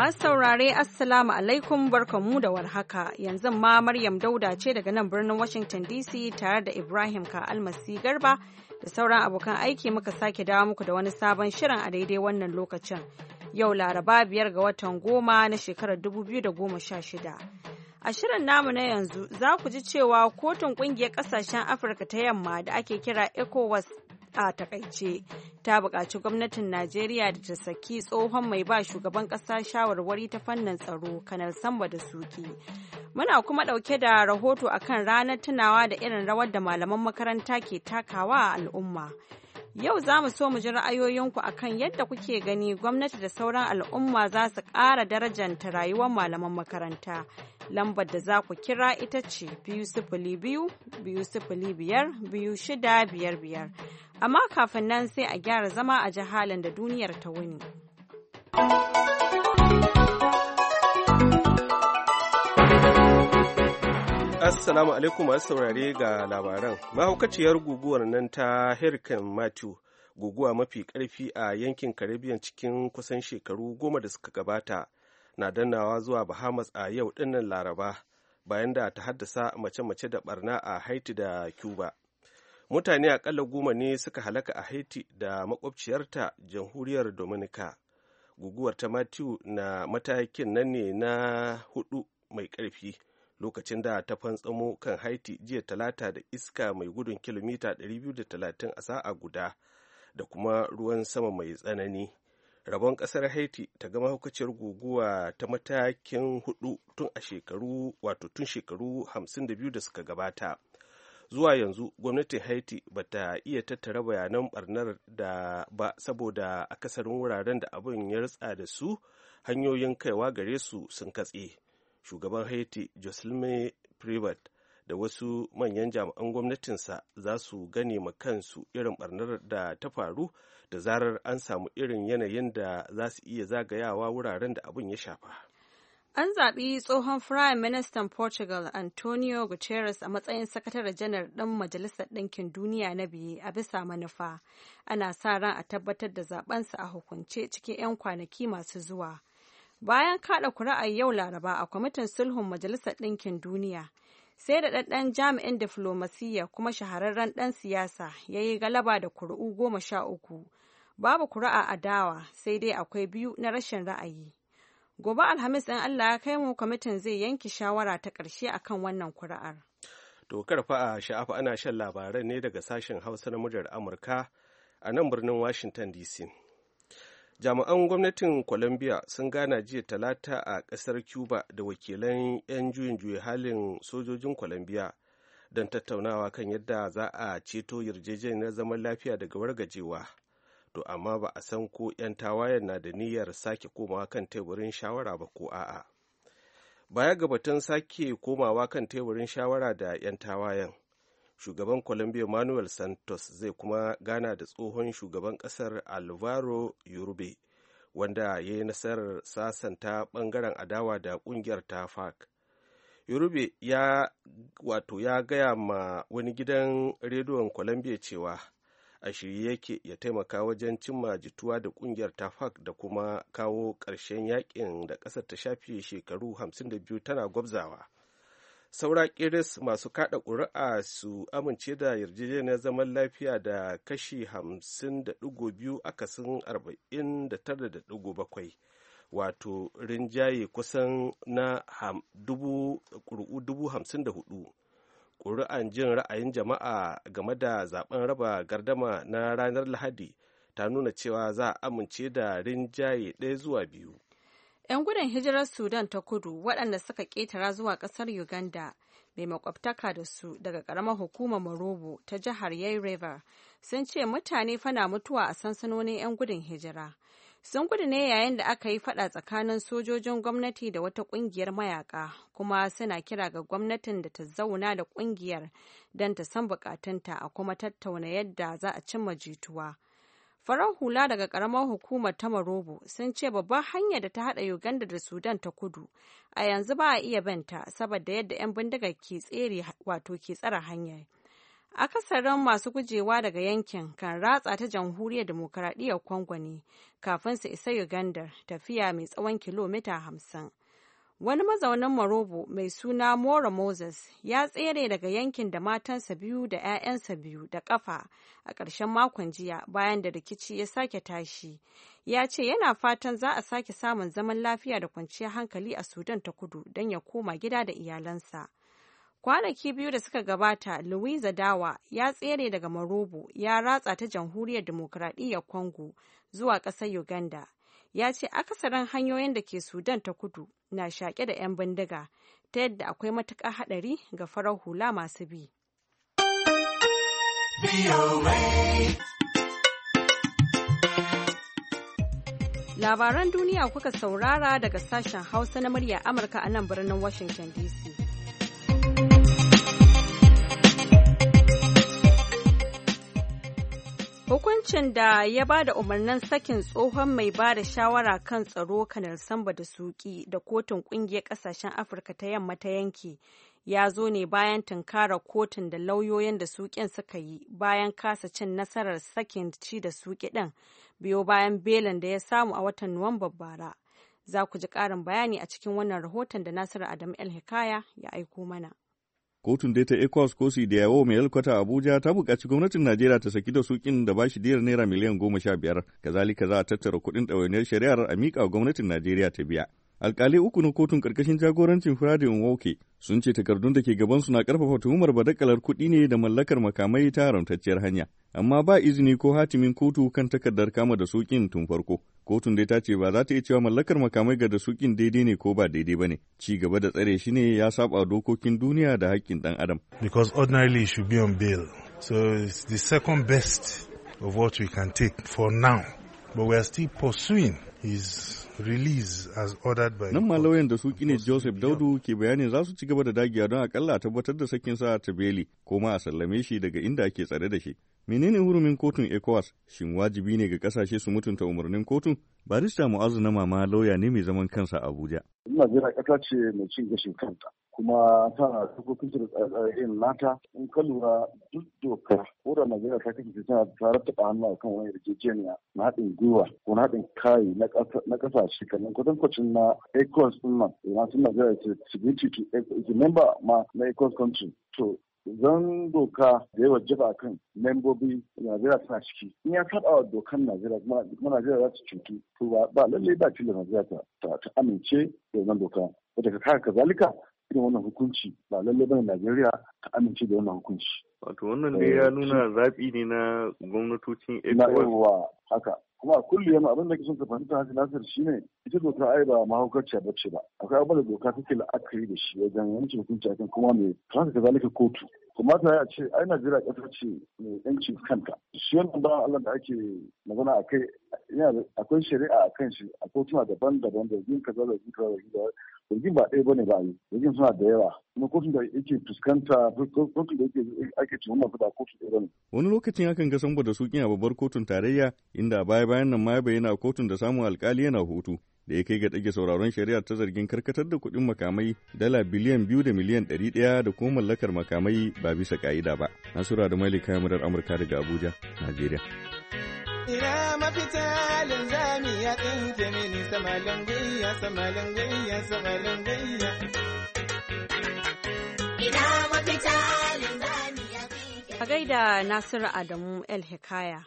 Masu saurare Assalamu alaikum barkanmu da warhaka yanzu ma Maryam Dauda ce daga nan birnin Washington DC tare da Ibrahim Ka'almasi Garba da sauran abokan aiki muka sake dawo muku da wani sabon shirin a daidai wannan lokacin. Yau Laraba biyar ga watan goma na shekarar 2016. A shirin namu na yanzu za ku ji cewa kotun ƙungiyar ƙasashen Afirka ta yamma da ake kira ECOWAS a takaice ta buƙaci gwamnatin najeriya da ta saki tsohon mai ba shugaban ƙasa shawarwari ta fannin tsaro kanar samba da suki muna kuma ɗauke da rahoto akan ranar tunawa da irin rawar da malaman makaranta ke takawa a al'umma Yau za mu so mu ji ra'ayoyinku akan yadda kuke gani gwamnati da sauran al'umma za su ƙara darajanta rayuwar malaman makaranta. Lambar da za ku kira ita ce biyu sifili biyu, biyu sifili biyar, biyu shida biyar biyar. Amma kafin nan sai a gyara zama a jihalin da duniyar ta wuni. Assalamu alaikum masu saurare ga labaran. Mahaukaciyar guguwar nan ta Hurricane Matthew, guguwa mafi karfi a yankin Caribbean cikin kusan shekaru goma da suka gabata, na dannawa zuwa Bahamas a yau dinnan Laraba, bayan da ta haddasa mace-mace da barna a Haiti da Cuba. Mutane akalla goma ne suka halaka a Haiti da makwabciyarta jamhuriyar Dominica. Guguwar ta Matthew na matakin nan ne na hudu mai karfi lokacin da ta fantsamo kan haiti jiya talata da iska mai gudun kilomita 230 a sa'a guda da kuma ruwan sama mai tsanani rabon kasar haiti ta gama hukaciyar guguwa ta matakin hudu tun a shekaru wato tun shekaru 52 da suka gabata zuwa yanzu gwamnatin haiti ba ta iya tattara bayanan barnar da ba saboda akasarin wuraren da abin ya ritsa da su hanyoyin kaiwa gare su sun katse shugaban haiti joselme privat da wasu manyan jami'an gwamnatinsa za su gane ma kansu irin barnar da ta faru da zarar an samu irin yanayin da za su iya zagayawa wuraren da abin ya shafa. An zaɓi tsohon prime minister Portugal Antonio Guterres a matsayin sakataren janar ɗan Majalisar Ɗinkin Duniya na biye a bisa manufa. Ana sa ran a tabbatar da zaɓensa a hukunce cikin 'yan kwanaki masu zuwa. Bayan kaɗa kuri'ar yau Laraba a kwamitin sulhun Majalisar Ɗinkin Duniya, sai da ɗanɗan jami'in diflomasiyya kuma shahararren ɗan siyasa ya yi galaba da kuri'u goma sha uku. Babu kuri'a dawa sai dai akwai biyu na rashin ra'ayi. Gobe Alhamis in Allah ya kai mu kwamitin zai yanke shawara ta ƙarshe akan wannan kuri'ar. Dokar karfa a sha'afa ana shan labaran ne daga sashen Hausa na muryar Amurka a nan birnin Washington DC. jami'an gwamnatin colombia sun gana jiya talata a ƙasar cuba da wakilan 'yan juyin juya halin sojojin colombia don tattaunawa kan yadda za a ceto yarjejeniyar zaman lafiya daga wargajewa to amma ba a san ko 'yan tawayen na da niyyar sake komawa kan teburin shawara ba ko a'a baya ga batun sake komawa kan teburin shawara da 'yan tawayen shugaban colombia manuel santos zai kuma gana da tsohon shugaban kasar alvaro yurube wanda ya yi nasarar sasanta bangaren adawa da kungiyar ta fac yurube ya wato ya gaya ma wani gidan rediyon colombia cewa a shirye yake ya taimaka wajen cimma jituwa da kungiyar ta tafak da kuma kawo ƙarshen yakin da ƙasar ta shafe shekaru 52 tana gwabzawa saura kiris masu kada ƙuri'a su amince da yarjejeniyar zaman lafiya da kashi 50.2 akasin 49.7 wato rinjaye kusan na ƙuri'u 54 ƙuri'an jin ra'ayin jama'a game da zaben raba gardama na ranar lahadi ta nuna cewa za a amince da rinjaye ɗaya zuwa biyu 'Yan gudun hijirar Sudan ta kudu waɗanda suka ƙetara zuwa ƙasar Uganda mai makwabtaka da su daga ƙaramar hukumar Morobo ta jihar Yai River sun ce mutane fana mutuwa a sansanonin 'yan gudun hijira. Sun gudu ne yayin da aka yi faɗa tsakanin sojojin gwamnati da wata ƙungiyar mayaka kuma suna kira ga gwamnatin da ta zauna da ƙungiyar don ta san bukatunta a kuma tattauna yadda za a cimma jituwa. farar hula daga karamar hukumar ta marobo sun ce babban hanyar da ta hada uganda da sudan ta kudu a yanzu ba a iya banta saboda yadda 'yan bindigar ke tsere wato ke tsara hanya akasarin masu gujewa daga yankin kan ratsa ta jamhuriyar demokaradiyyar kongo ne kafin su isa uganda tafiya mai tsawon kilomita hamsin Wani mazaunin Marobo mai suna Mora Moses ya tsere daga yankin da matansa biyu da 'ya'yansa biyu da ƙafa a ƙarshen makon jiya bayan da rikici ya sake tashi. Ya ce yana fatan za a sake samun zaman lafiya da kwanciyar hankali a Sudan ta kudu don ya koma gida da iyalansa. Kwanaki biyu da suka gabata, Louisa Dawa ya tsere daga Marobo ya ratsa ta jamhuriyar Dimokuraɗiyyar Congo zuwa ƙasar Uganda. ya ce akasarin hanyoyin da ke sudan ta kudu na shaƙe da 'yan bindiga ta yadda akwai matuƙar haɗari ga farar hula masu bi. Labaran duniya kuka saurara daga sashen Hausa na murya Amurka a nan birnin Washington DC. Hukuncin da ya ba da umarnin sakin tsohon mai ba da shawara kan tsaro kanar samba da suki da kotun kungiyar kasashen Afirka ta yamma ta yanki ya zo ne bayan tunkara kotun da lauyoyin da sukin suka yi bayan kasa cin nasarar sakin ci da suki ɗin biyo bayan belin da ya samu a watan Nuwamban bara. Za ku ji ƙarin bayani a cikin wannan rahoton da Nasiru adamu El Hikaya ya aiko mana. Kotun dai ta ECOWAS ko yawo mai alkwata Abuja ta buƙaci gwamnatin Najeriya ta saki da sukin da bashi diyar naira miliyan goma sha biyar, kazalika za a tattara kuɗin ɗawainiyar shari'ar a miƙa gwamnatin Najeriya ta biya. alkalai uku na kotun karkashin jagorancin Friday Nwoke sun ce takardun da ke gaban su na karfafa tuhumar badakalar kuɗi ne da mallakar makamai ta haramtacciyar hanya, amma ba izini ko hatimin kotu kan takardar kama da sukin tun farko. Kotun dai ta ce ba za ta iya cewa mallakar makamai ga da sukin daidai ne ko ba daidai ba ne, ci gaba da tsare shi ne ya saba dokokin duniya da haƙƙin ɗan adam. Because ordinarily should be on bail, so it's the second best of what we can take for now, but we are still pursuing his release as ordered by Nan ma da su kine Joseph Daudu ke bayanin za su ci gaba da dagiya don akalla tabbatar da sakin sa ta beli ko ma a sallame shi daga inda ake tsare da shi. Menene hurumin kotun ECOWAS? Shin wajibi ne ga kasashe su mutunta umarnin kotun? Barista Mu'azu na mama lauya ne mai zaman kansa a Abuja. Najeriya kasa ce mai cin gashin kanta. kuma tana dokokin da tsare-tsaren nata in ka lura duk doka ko da Najeriya ta ce tana tare ta hannu a kan wani yarjejeniya na haɗin gwiwa ko na haɗin kayi na ƙasashe kamar kwatankwacin na ecos ɗin nan yana sun Najeriya ce signatory to ECOWAS member ma na ecos country to zan doka da yawa jaba a kan membobi najeriya tana ciki in ya taɓa wa dokan najeriya kuma najeriya za ta cutu to ba lallai ba tilin najeriya ta amince da wannan doka Wata ka zalika. irin wannan hukunci ba lallai bane Najeriya ta amince da wannan hukunci. Wato wannan eh, dai ya nuna zaɓi ne na gwamnatocin ECOWAS. Na haka kuma a kullum yana abin da ke son ta fahimta haka nasir shine ita doka ai ba mahaukaciya ba ce ba akwai abin da doka take la'akari da shi wajen yanke hukunci akan kuma mai haka ka zalika kotu kuma ta ya ce ai najeriya ƙasa ce mai yancin kanta shi ba bawan allah da ake magana a kai akwai shari'a a kan shi a kotuna daban-daban da yin kaza da yin kaza da yin kaza ba ɗaya ba ne ba yi yin suna da yawa kuma kotun da yake fuskanta kotun da yake ake tuhuma da kotun da Wani lokacin hakan ga samba da sukin a babbar kotun tarayya inda baya bayan nan ma ba yana kotun da samun alkali yana hutu. da ya kai ga ɗage sauraron shari'a ta zargin karkatar da kuɗin makamai dala biliyan biyu da miliyan ɗari ɗaya da kuma mallakar makamai ba bisa ƙa'ida ba. Nasura da mali kayan murar Amurka daga Abuja, Najeriya. Ina mafita zamiya ɗin ke mini samalin gwiya, samalin gwiya, samalin gwiya. A gaida Nasiru Adamu El Hikaya.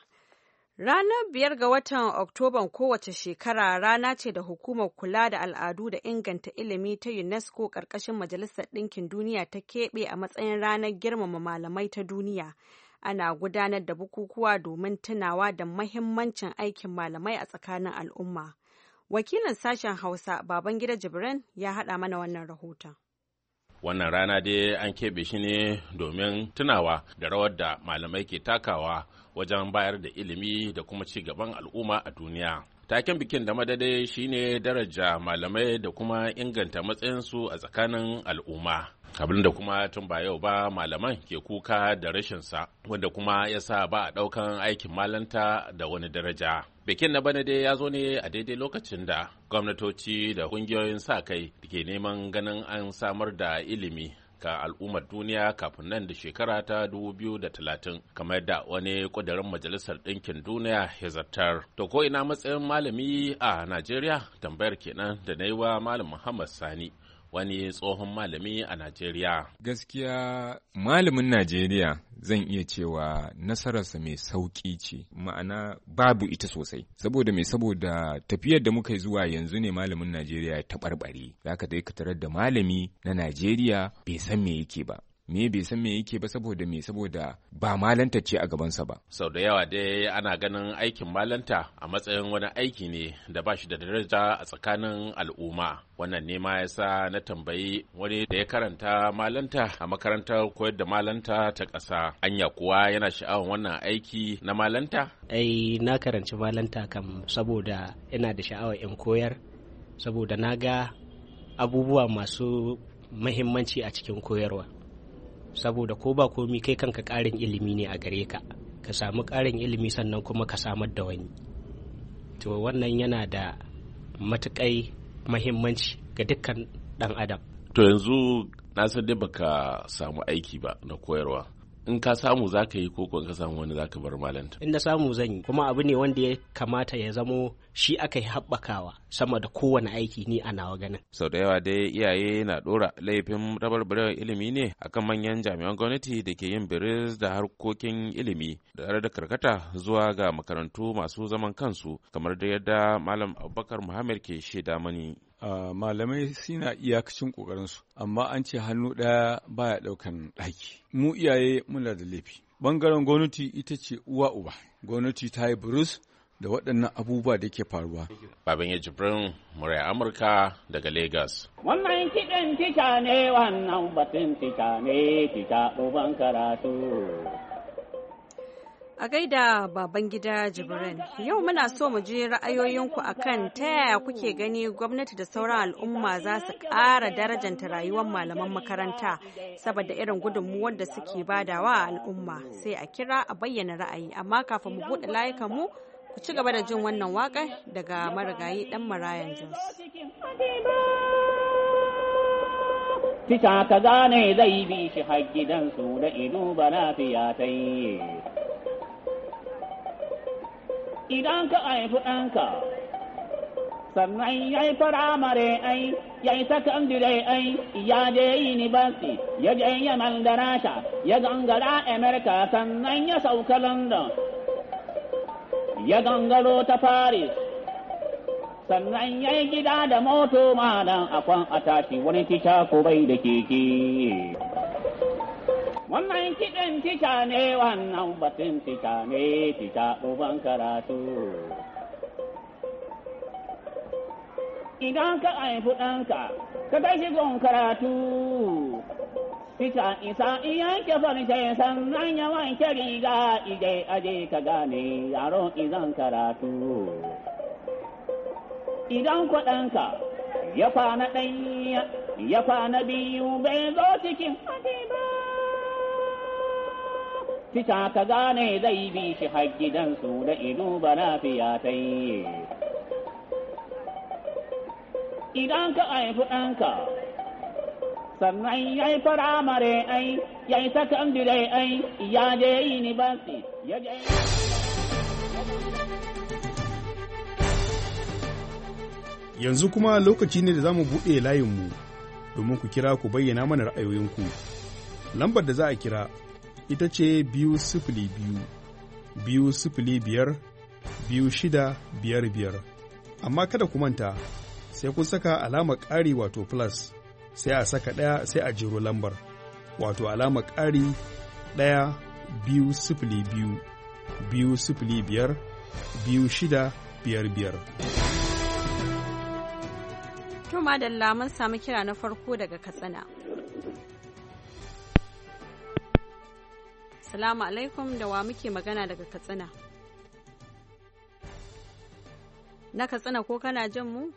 Ranar biyar ga watan Oktoban kowace shekara rana ce da hukumar kula da al'adu da inganta ilimi ta UNESCO ƙarƙashin Majalisar Ɗinkin Duniya ta keɓe a matsayin ranar girmama malamai ta duniya. Ana gudanar da bukukuwa domin tunawa da mahimmancin aikin malamai a tsakanin al'umma. Wakilin sashen Hausa Babangida Jibrin ya haɗa mana wannan rahoton. wannan rana dai an keɓe shi ne domin tunawa da rawar da malamai ke takawa wajen bayar da ilimi da kuma ci gaban al'umma a duniya Taken bikin da madadai shine daraja malamai da kuma inganta matsayinsu a tsakanin al'umma. abin da kuma tun ba yau ba malaman ke kuka da rashinsa wanda kuma ya sa ba a ɗaukan aikin malanta da wani daraja. Bikin na bana dai ya zo ne a daidai lokacin da gwamnatoci da kungiyoyin sa kai ke neman ganin an samar da ilimi ga al'ummar duniya kafin nan da shekara ta 2030 kamar da wani kudirin majalisar ɗinkin duniya ya zartar. To ko ina matsayin malami a Najeriya tambayar kenan da na yi wa Malam Muhammad Sani wani tsohon malami a Najeriya. Gaskiya malamin Najeriya zan iya cewa nasararsa mai sauƙi ce, ma'ana babu ita sosai. Saboda mai saboda tafiyar da muka yi zuwa yanzu ne malamin Najeriya ya taɓarɓare. Za ka dai ka tarar da malami na Najeriya bai san me yake ba. me bai san me yake ba saboda me saboda ba malanta ce a gabansa ba sau da yawa dai ana ganin aikin malanta a matsayin wani aiki ne da ba shi da daraja a tsakanin al'umma wannan nema ma yasa na tambayi wani da ya karanta malanta a makarantar koyar da malanta ta ƙasa anya kuwa yana sha'awar wannan aiki na malanta ai na karanci malanta kam saboda ina da sha'awar in koyar saboda na ga abubuwa masu mahimmanci a cikin koyarwa saboda ko ba komi kai kanka ƙarin ilimi ne a gare ka ka samu ƙarin ilimi sannan kuma ka samar da wani to wannan yana da matuƙai mahimmanci ga dukkan ɗan adam to yanzu na san dai baka samu aiki ba na koyarwa in ka samu za ka yi ko in ka samu wani za ka bar malanta in na samu zan yi kuma abu ne wanda ya kamata ya zamo shi aka yi haɓakawa sama da kowane aiki ni a nawa ganin sau da yawa dai iyaye na ɗora laifin rabarbarewar ilimi ne akan manyan jami'an gwamnati da ke yin biris da harkokin ilimi da da karkata zuwa ga makarantu masu zaman kansu kamar da yadda malam abubakar muhammad ke shaida mani malamai suna iyakacin ƙoƙarinsu amma an ce hannu ɗaya baya ɗaukan ɗaki mu iyaye muna da laifi ɓangaren gwamnati ita ce uwa uba gwamnati ta yi burus da waɗannan abubuwa da ke faruwa. Baban ya jibrin murai Amurka daga Legas. Wannan kiɗin tica ne wannan batun tica ne tica ɗuban karatu. A gaida baban gida Jibrin, yau muna so mu ji ra'ayoyinku akan ta yaya kuke gani gwamnati da sauran al'umma za su ƙara darajanta rayuwar malaman makaranta saboda irin gudunmuwar da suke badawa a al'umma sai a kira a bayyana ra'ayi amma kafin mu buɗe layukan mu ku ci gaba da jin wannan waƙar daga marigayi ɗan marayan Jos. Fita ka gane zai bi shi har gidansu da ido ba lafiya ta yi. idan ka haifi ɗanka sannan ya yi firamare ai ya yi sakandire ai ya je university ya je yaman da rasha ya gangara Amerika sannan ya sauka london ya gangaro ta paris sannan ya yi gida da moto malam akwan a tashi wani tisha ko bai da keke Wannan kiɗin tica ne wannan batun tica ne tica uban karatu. Idan ka haifi ɗanka, ka tashi gon karatu. Tica isa iyanke farce sannan ya wanke riga ije aje ka gane yaro izan karatu. Idan kwaɗanka ya na ɗaya, ya biyu bai zo cikin haɗe ba. Fita ka gane zai bi shi har su da ido ba lafiya ta yi. Idan ka haifi ɗanka, sannan ya yi mare ai, ya yi sakandire ai, ya je yi ni basi, ya je Yanzu kuma lokaci ne da za mu buɗe layinmu domin ku kira ku bayyana mana ra'ayoyinku. Lambar da za a kira ita ce biyu sifili biyu biyu sifili biyar biyu shida biyar biyar amma kada ku manta sai kun saka alamar ƙari wato plus sai a saka ɗaya sai a jiro lambar wato alama ƙari ɗaya biyu sifili biyu biyu sifili biyar biyu shida biyar biyar. To madalla mun samu kira na farko daga Katsina. Assalamu alaikum da wa muke magana daga Katsina. Na Katsina ko kana jin mu?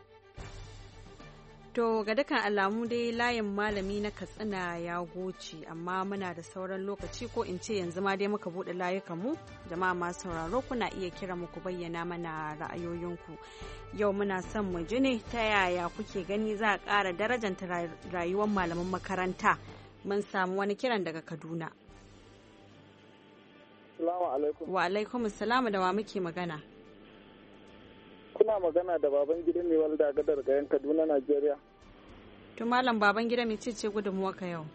To ga dukkan alamu dai layin malami na Katsina ya goce amma muna da sauran lokaci ko in ce yanzu ma dai muka buɗe mu jama'a ma sauraro kuna iya kira mu ku bayyana mana ra'ayoyinku. Yau muna son mu ji ne ta yaya kuke gani za a ƙara darajanta rayuwar malaman makaranta. Mun samu wani kiran daga Kaduna. Assalamu alaikum. Wa alaikum assalamu da wa muke magana. Kuna magana da baban gida ne walda gadar gayan Kaduna Najeriya. To malam baban gida mai ce gudunmuwa ka yau.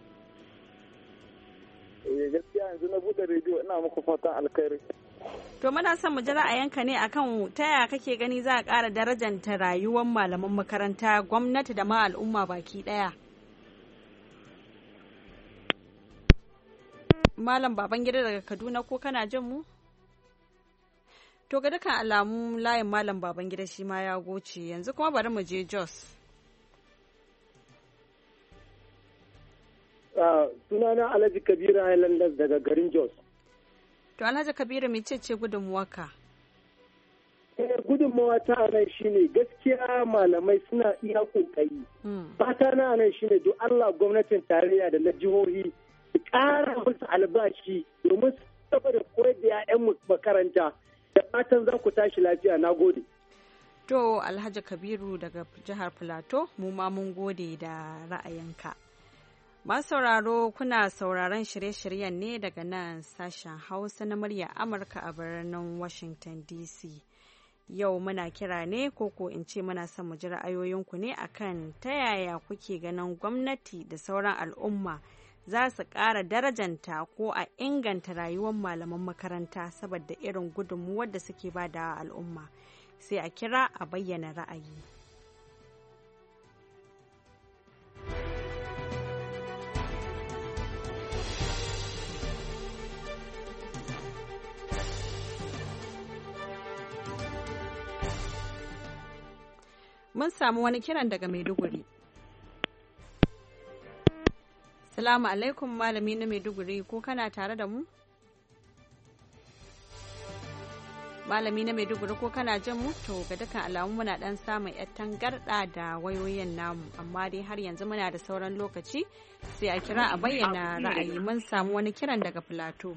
Eh gaskiya yanzu na bude rediyo ina muku fatan alkhairi. To muna son mu ji ra'ayinka ne akan ta yaya kake gani za a ƙara darajanta rayuwar malaman makaranta gwamnati da ma al'umma baki ɗaya. Malam Babangida daga Kaduna ko kana jin mu? To ga dukkan alamu layin Malam Babangida shi ma ya goce yanzu kuma bari mu je Jos. Ah, sunana Alhaji Kabiru Highlanders daga garin Jos. To Alhaji Kabiru mai ce Eh, gudunmawa ta nan ne gaskiya malamai suna iya kokari hmm. fata na nan ne duk Allah gwamnatin tarayya da na jihohi ƙara musu albashi domin su gaba da koyar da 'ya'yan makaranta da fatan za ku tashi lafiya na gode. To Alhaji Kabiru daga jihar Filato mu ma mun gode da ra'ayinka. Masu sauraro kuna sauraron shirye-shiryen ne daga nan sashen Hausa na murya Amurka a birnin Washington DC. yau muna kira ne koko in ce muna son mu ji ra'ayoyinku ne akan ta yaya kuke ganin gwamnati da sauran al'umma za su ƙara darajanta ko a inganta rayuwar malaman makaranta saboda irin gudunmuwar da suke ba da al'umma sai a kira a bayyana ra'ayi. Mun samu wani kiran daga Maiduguri. Salamu alaikum malami na Maiduguri ko kana tare da mu? Malami na Maiduguri ko kana jin mu? To ga dukkan alamu muna dan samun yar tangarda da wayoyin namu amma dai har yanzu muna da sauran lokaci sai a kira a bayyana ra'ayi mun samu wani kiran daga Filato.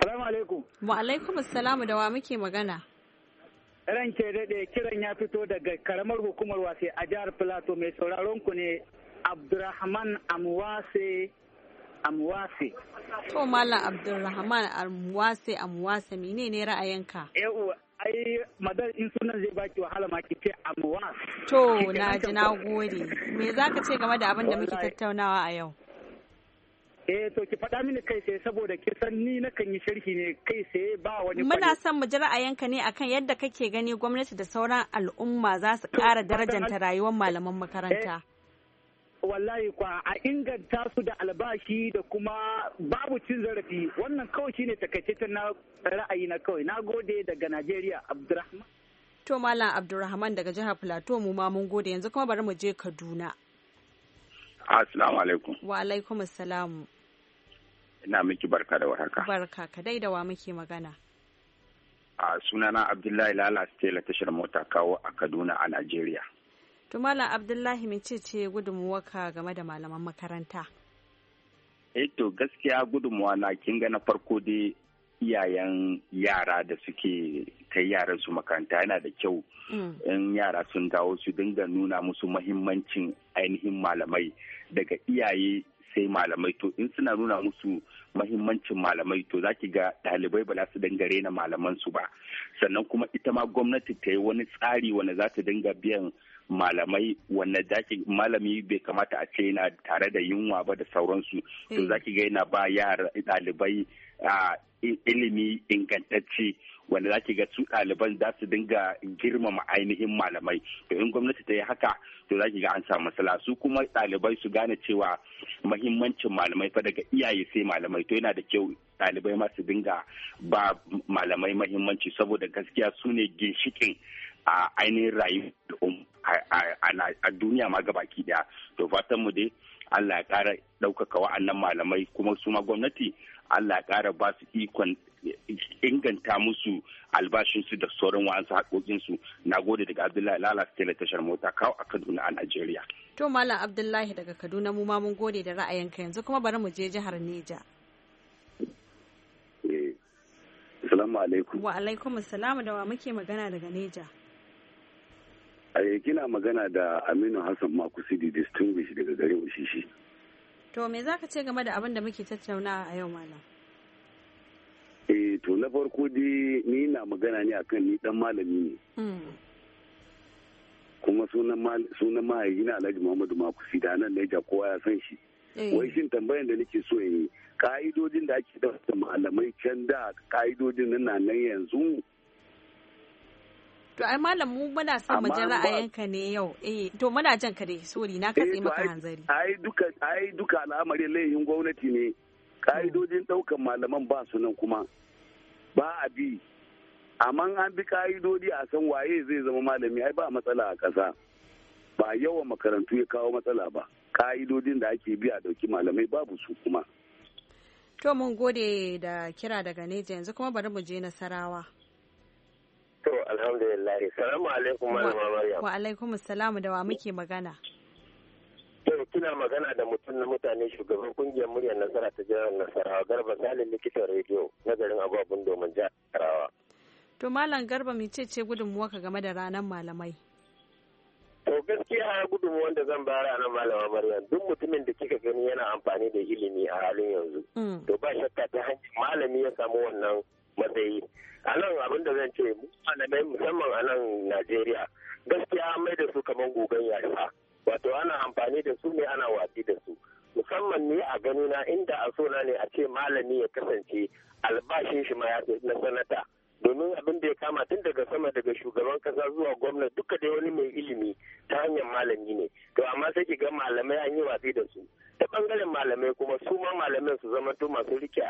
Salamu alaikum. Wa alaikum assalamu da wa muke magana. Ranke daɗe kiran ya fito daga karamar hukumar wasi a jihar Filato mai sauraron ku ne Abdurrahman Amwase Amwase. To Malam Abdulrahman Amwase Amwase ne ra'ayinka? Yawwa ai madar in sunan zai baki wahala ma ki ce Amwas. To na ji na gode. Me zaka ce game da abin da muke tattaunawa a yau? Eh to ki faɗa mini kai sai saboda ki san ni na kan yi sharhi ne kai sai ba wani Muna son mu ji ra'ayinka ne akan yadda kake gani gwamnati da sauran al'umma za su ƙara darajanta rayuwar malaman makaranta. Eh. wallahi kwa a inganta su da albashi da kuma babu cin zarafi wannan kawai shine takaitaccen na ra'ayi na kawai na gode daga najeriya abdurrahman to malam abdurrahman daga jihar plateau mu ma mun gode yanzu kuma bari mu je kaduna assalamu alaikum wa alaikum assalam ina miki barka da warhaka barka ka dai da wa muke magana a sunana abdullahi lala la tashar mota kawo a kaduna a najeriya to malam abdullahi mece ce ka game da malaman makaranta eh to gaskiya gudunmuwa na kinga na farko da iyayen yara da suke kai yaran su makaranta yana da kyau mm. in yara sun dawo su dinga nuna musu mahimmancin ainihin malamai daga iyaye sai malamai to in suna nuna musu mahimmancin malamai to zaki ga ɗalibai ba za su dinga rena malaman su ba sannan kuma ita ma gwamnati ta yi wani tsari wanda za ta dinga biyan malamai wannan zaki malami bai kamata a ce yana tare da yunwa ba da sauransu to eh. zaki ga yana ba yara ɗalibai ilimi ingantacce wanda zaki ga su ɗaliban za su dinga girmama ainihin malamai to in gwamnati ta yi haka to zaki ga an samu matsala su kuma ɗalibai su gane cewa mahimmancin malamai fa daga iyaye sai malamai to yana da kyau ɗalibai ma su dinga ba malamai mahimmanci saboda gaskiya su ne ginshikin a ainihin rayuwar a duniya ma gabaki daya to fatan mu dai Allah ya ƙara ɗaukaka wa'annan malamai kuma su ma gwamnati Allah ya ƙara ba su ikon inganta musu albashinsu da sauran wa'ansu haƙoƙinsu na gode daga abdullahi lalas tela tashar mota kawo a kaduna a najeriya to malam abdullahi daga kaduna mu ma mun gode da ra'ayinka yanzu kuma bari mu je jihar neja eh, Assalamu alaikum. Wa alaikum assalamu da wa muke magana daga Neja. kina magana da aminu hassan makusidi distinguish daga garin ushishi to me za ka ce game da abin da muke tattaunawa a yau malam eh to na farko dai ni na magana ne akan ni dan malami ne hmm. kuma sunan mahaifina alhaji muhammadu makusi da nan naija kowa ya san shi eh. wai shin tambayar da nake so yi ka'idodin da ake da malamai can da ka'idodin nan yanzu To ai malam mu muna son mu ji ra'ayinka ne yau. Eh to muna jan ka dai sori na katse eh, maka hanzari. Ai duka ai duka al'amari laihin gwamnati ne. Ka'idojin daukan malaman ba su nan kuma. Ba a bi. Amma an bi ka'idodi a san waye zai zama malami ai ba matsala a ƙasa. Ba yawan makarantu ya kawo matsala ba. Ka'idodin da ake bi a dauki malamai babu su kuma. To mun gode da kira daga Neja yanzu kuma bari mu je Nasarawa. To alhamdulillah. Salamu alaikum malama Maryam. Wa alaikum salamu da wa muke magana. To kina magana da mutum na mutane shugaban kungiyar muryar nasara ta jihar Nasarawa Garba Salim likitan rediyo na garin Ababun Domin jihar To Malam Garba mecece gudunmuwarka game da ranar malamai? To gaskiya gudunmuwar da zan bayar ranar malama Maryam duk mutumin da kika gani yana amfani da ilimi a halin yanzu. Mm. To ba shakka ta hanyar malami ya samu wannan matsayi. a nan abin da zan ce malamai musamman a nan najeriya gaskiya mai da su kamar gogon yasa wato ana amfani da su ne ana watsi da su musamman ne a gani na inda a so na ne a ce malami ya kasance albashin shi ma ya na sanata domin abin da ya kama tun daga sama daga shugaban kasa zuwa gwamna duka dai wani mai ilimi ta hanyar malami ne to amma sai ki ga malamai an yi watsi da su ta bangaren malamai kuma su ma malamai su zama to masu rike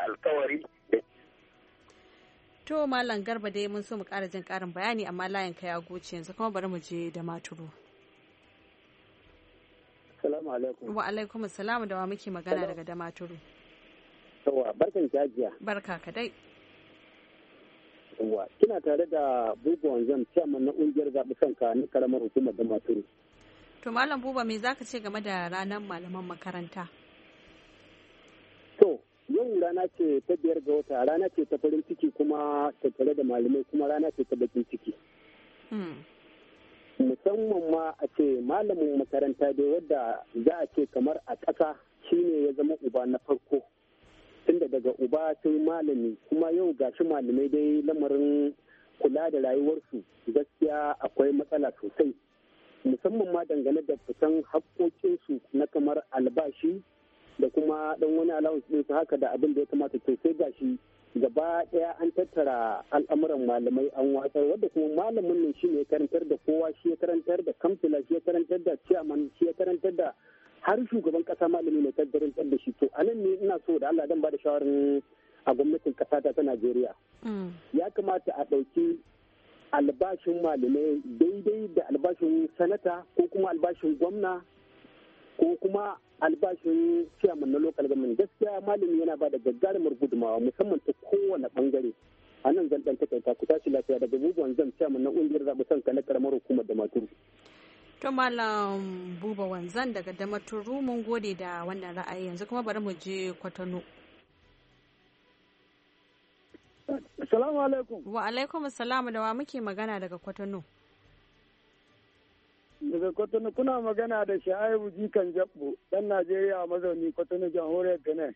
To Malam Garba dai mun so mu ƙara jin ƙarin bayani amma layin ka ya goce yanzu kuma bari mu je da maturu. Salamu alaikum. Wa alaikum salamu da wa muke magana daga da maturu. Yawa barkan jajiya. Barka ka dai. Yawa kina tare da Buba Wanzam chairman na ungiyar zaɓi kanka ni karamar hukumar da maturu. To Malam Buba me zaka ce game da ranar malaman makaranta? To yau rana ce ta biyar ga wata rana ce ta farin ciki kuma tattare da malamai kuma rana ce ta bakin ciki hmm. musamman ma a ce malamin makaranta dai wadda za a ce kamar a ƙasa shine ya zama uba na farko tunda daga uba sai malami kuma yau ga shi malamai dai lamarin kula da rayuwarsu gaskiya akwai matsala sosai musamman ma dangane da fitan haƙƙoƙinsu na kamar albashi da kuma dan wani allowance din su haka da abin da ya kamata to sai gashi gaba daya an tattara al'amuran malamai an watsar wadda kuma malamin ne shi ne karantar da kowa shi ya karantar da kamfila shi ya karantar da ciyaman shi ya karantar da har shugaban kasa malami ne karantar da shi to anan ne ina so da Allah dan ba da shawarar a gwamnatin kasa ta ta Najeriya mm. ya kamata a ɗauki albashin malamai daidai da albashin sanata ko kuma albashin gwamna ko kuma albashin ciyaman na lokal gamin gaskiya malami yana ba da gaggarumar gudumawa musamman ta kowane bangare a nan zan dan kai ku tashi lafiya daga bubuwan zan ciyaman na kungiyar zaɓi san kana karamar hukumar da maturu. To Malam Buba Wanzan daga Damaturu mun gode da wannan ra'ayi yanzu kuma bari mu je Kwatano. salamu alaikum. Wa alaikum salamu da wa muke magana daga Kwatano. Daga Kwatano kuna magana da Sha'aibu Jikan Jabbo, ɗan Najeriya mazauni Kwatano jamhuriyar Benin.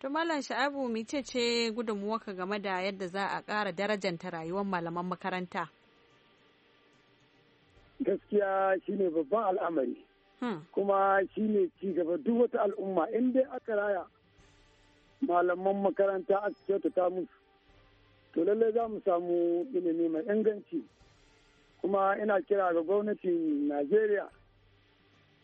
To Malam Sha'aibu mice ce gudunmuwarka game da yadda za a ƙara darajanta rayuwar malaman makaranta? Gaskiya shine babban al'amari. Hmm. Kuma shine ci gaba duk wata al'umma in dai aka raya malaman makaranta aka kyautata musu. To lallai za mu samu ilimi mai inganci. kuma ina kira ga gwamnatin najeriya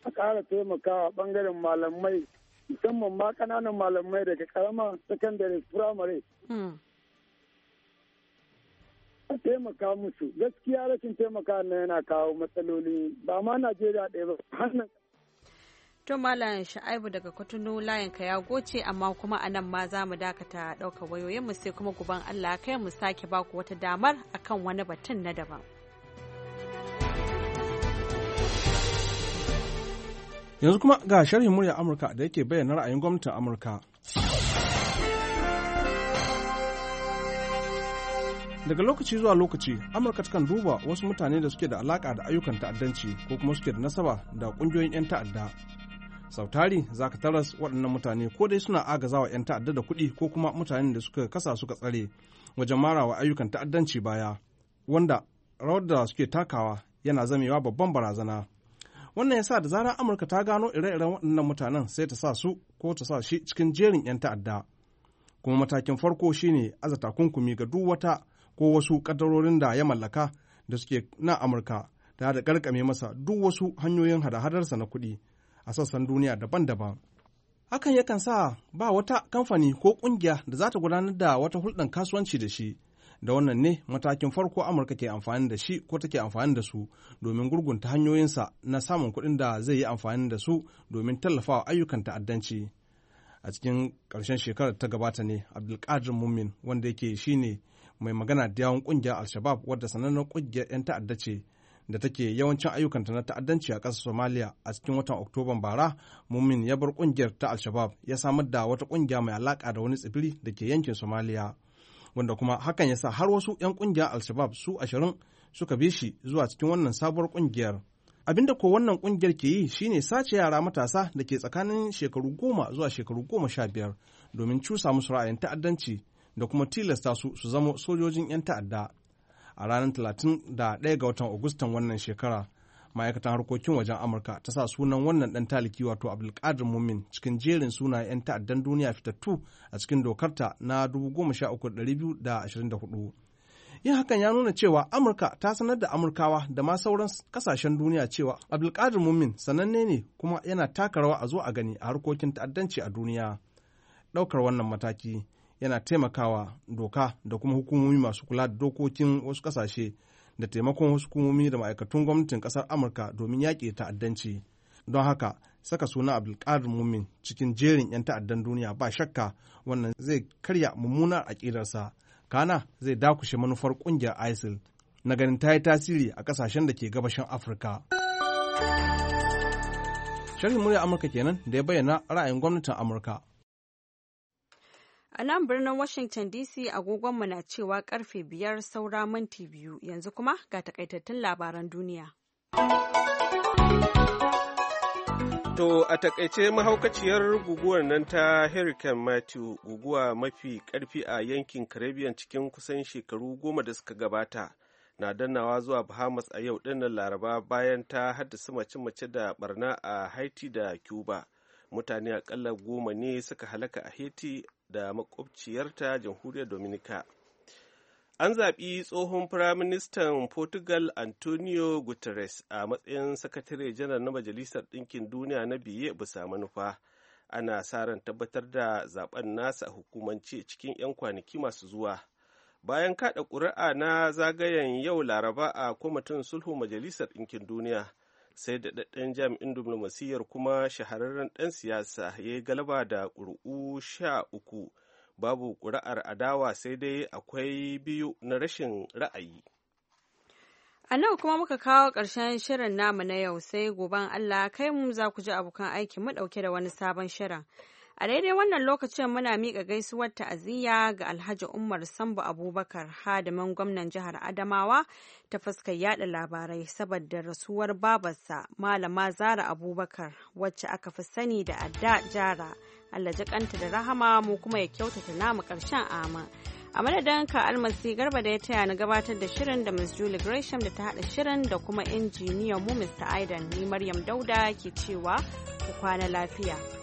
a ƙara taimakawa ɓangaren malamai musamman ma kananan malamai daga karama secondary primary hmm. a taimaka musu gaskiya rashin taimaka na yana kawo matsaloli ba ma najeriya ɗaya ba hannun to malam sha'aibu daga kwatano layin ka ya goce amma kuma a nan ma za mu dakata ɗaukar wayoyinmu sai kuma guban allah kai mu sake baku wata damar akan wani batun na daban Yanzu kuma ga sharhin murya Amurka da yake bayyana ra'ayin gwamnatin Amurka. Daga lokaci zuwa lokaci, Amurka takan duba wasu mutane da suke da alaka da ayyukan ta'addanci ko kuma suke da nasaba da ƙungiyoyin 'yan ta'adda. Sautari za ka taras waɗannan mutane ko dai suna agazawa 'yan ta'adda da kuɗi ko kuma mutanen da suka kasa suka tsare wajen marawa ayyukan ta'addanci baya, wanda rawar da suke takawa yana zamewa babban barazana. wannan yasa da zarar amurka ta gano ire-iren waɗannan mutanen sai ta sa su ko ta sa shi cikin jerin 'yan ta'adda kuma matakin farko shine aza takunkumi ga duk wata ko wasu ƙaddarorin da ya mallaka da suke na amurka da da ƙarƙame masa duk wasu hanyoyin hada-hadarsa na kuɗi a sassan duniya daban-daban hakan yakan sa ba wata kamfani ko ƙungiya da za ta gudanar da wata hulɗar kasuwanci da shi da wannan ne matakin farko amurka ke amfani da shi ko take amfani da su domin gurgunta hanyoyinsa na samun kuɗin da zai yi amfani da su domin tallafawa ayyukan ta'addanci a cikin ƙarshen shekarar ta gabata ne abdulkadir mumin wanda yake ne mai magana da yawon ƙungiyar al-shabab wadda sanannen ƙungiyar 'yan ta'adda ce da take yawancin ayyukanta na ta'addanci a ƙasar somaliya a cikin watan Oktoban bara, Mumin ya bar ƙungiyar ta Al-Shabab ya samar da wata ƙungiya mai alaƙa da wani tsibiri da ke yankin somaliya. wanda kuma hakan ya sa har wasu 'yan kungiyar al-shabab su ashirin suka bi shi zuwa cikin wannan sabuwar kungiyar abinda ko wannan kungiyar ke yi shine sace yara matasa da ke tsakanin shekaru goma zuwa shekaru goma sha biyar domin cusa musu ra'ayin ta'addanci da kuma tilasta su su zama sojojin 'yan ta'adda a ranar 31 ga watan Agustan wannan shekara ma'aikatan harkokin wajen amurka ta sa sunan wannan dan taliki wato abdulkadir mumin cikin jerin suna 'yan ta'addan duniya fitattu a cikin dokarta na 13224 yin hakan ya nuna cewa amurka ta sanar da amurkawa da ma sauran kasashen duniya cewa abdulkadir mumin sananne ne kuma yana taka rawa a zo a gani a harkokin ta'addanci a duniya ɗaukar wannan mataki yana taimakawa doka da kuma hukumomi masu kula da dokokin wasu kasashe da taimakon hukumomi da ma'aikatun gwamnatin ƙasar amurka domin yaƙi ta'addanci don haka saka suna abdulkadir mumin cikin jerin 'yan ta'addan duniya ba shakka wannan zai karya mummunar aƙidarsa kana zai dakushe manufar ƙungiyar isil na ganin ta yi tasiri a ƙasashen da ke gabashin afirka sharhin murya amurka kenan da ya bayyana ra'ayin gwamnatin amurka A nan birnin Washington DC agogonmu na cewa karfe biyar saura minti biyu yanzu kuma ga takaitattun labaran duniya. To a takaice mahaukaciyar guguwar nan ta Hurricane Matthew guguwa mafi karfi a yankin Caribbean cikin kusan shekaru goma da suka gabata na dannawa zuwa Bahamas a yau dinnan Laraba bayan ta haddasa mace-mace da barna a Haiti da Cuba. Mutane akalla goma ne suka halaka a Haiti da makwabciyarta jamhuriyar dominica an zaɓi tsohon firaministan portugal antonio guterres a matsayin sakatare janar na majalisar ɗinkin duniya na biye bisa manufa ana sa tabbatar da zaben nasa hukumance cikin 'yan kwanaki masu zuwa bayan kaɗa ƙuri'a na zagayen yau laraba a kwamitin sulhu majalisar ɗinkin duniya sai da daɗaɗɗen jami'in diflomasiyyar kuma shahararren ɗan siyasa ya yi galaba da ƙuri'u sha uku babu ƙuri'ar adawa sai dai akwai biyu na rashin ra'ayi a nan kuma muka kawo ƙarshen shirin namu na yau sai goben allah kai mu za ku ji abokan aiki mu ɗauke da wani sabon shirin A daidai wannan lokacin muna miƙa gaisuwar ta'aziyya ga Alhaji Umar Sambu Abubakar hadimin gwamnan jihar Adamawa ta fuskar yada labarai saboda rasuwar babarsa Malama Zara Abubakar wacce aka fi sani da adda jara Allah kanta da rahama mu kuma ya kyautata namu ƙarshen ama. A madadin ka almasi garba da ya taya na gabatar da shirin da Ms. Julie Gresham da ta haɗa shirin da kuma injiniyan mu Mr. Aidan ni Maryam Dauda ke cewa ku kwana lafiya.